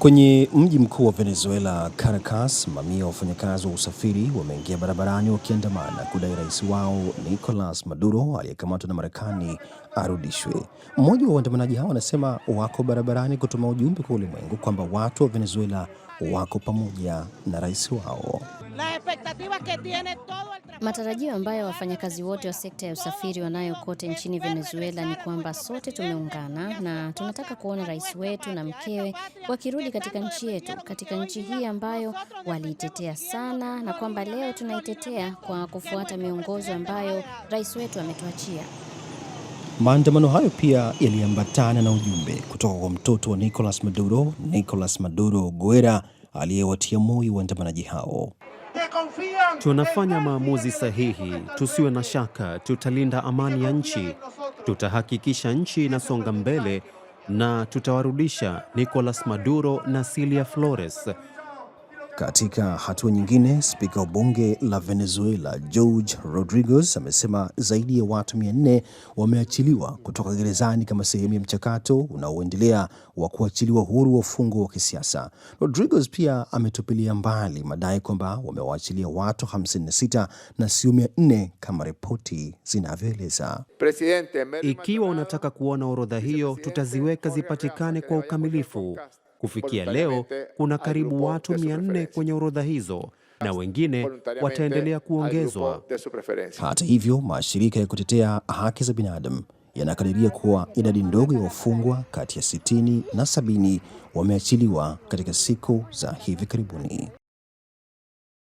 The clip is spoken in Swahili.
Kwenye mji mkuu wa Venezuela, Caracas, mamia wafanyakazi wa usafiri wameingia barabarani wakiandamana kudai rais wao Nicolas Maduro aliyekamatwa na Marekani arudishwe. Mmoja wa waandamanaji hao anasema wako barabarani kutuma ujumbe kwa ulimwengu kwamba watu wa Venezuela wako pamoja na rais wao. Matarajio ambayo wafanyakazi wote wa sekta ya usafiri wanayo kote nchini Venezuela ni kwamba sote tumeungana na tunataka kuona rais wetu na mkewe wakirudi katika nchi yetu, katika nchi hii ambayo waliitetea sana, na kwamba leo tunaitetea kwa kufuata miongozo ambayo rais wetu ametuachia. Maandamano hayo pia yaliambatana na ujumbe kutoka kwa mtoto wa Nicolas Maduro, Nicolas Maduro Guerra, aliyewatia moyo waandamanaji hao. Tunafanya maamuzi sahihi, tusiwe na shaka, tutalinda amani ya nchi, tutahakikisha nchi inasonga mbele na tutawarudisha Nicolas Maduro na Cilia Flores katika hatua nyingine, spika wa bunge la Venezuela George Rodriguez amesema zaidi ya watu 400 wameachiliwa kutoka gerezani kama sehemu ya mchakato unaoendelea wa kuachiliwa huru wafungwa wa kisiasa. Rodriguez pia ametupilia mbali madai kwamba wamewaachilia watu 56 na sio 400 kama ripoti zinavyoeleza. Ikiwa unataka kuona orodha hiyo, tutaziweka zipatikane kwa ukamilifu. Kufikia leo kuna karibu watu 400 kwenye orodha hizo na wengine wataendelea kuongezwa. Hata hivyo, mashirika ya kutetea haki za binadamu yanakadiria kuwa idadi ndogo ya wafungwa kati ya 60 na 70 wameachiliwa katika siku za hivi karibuni.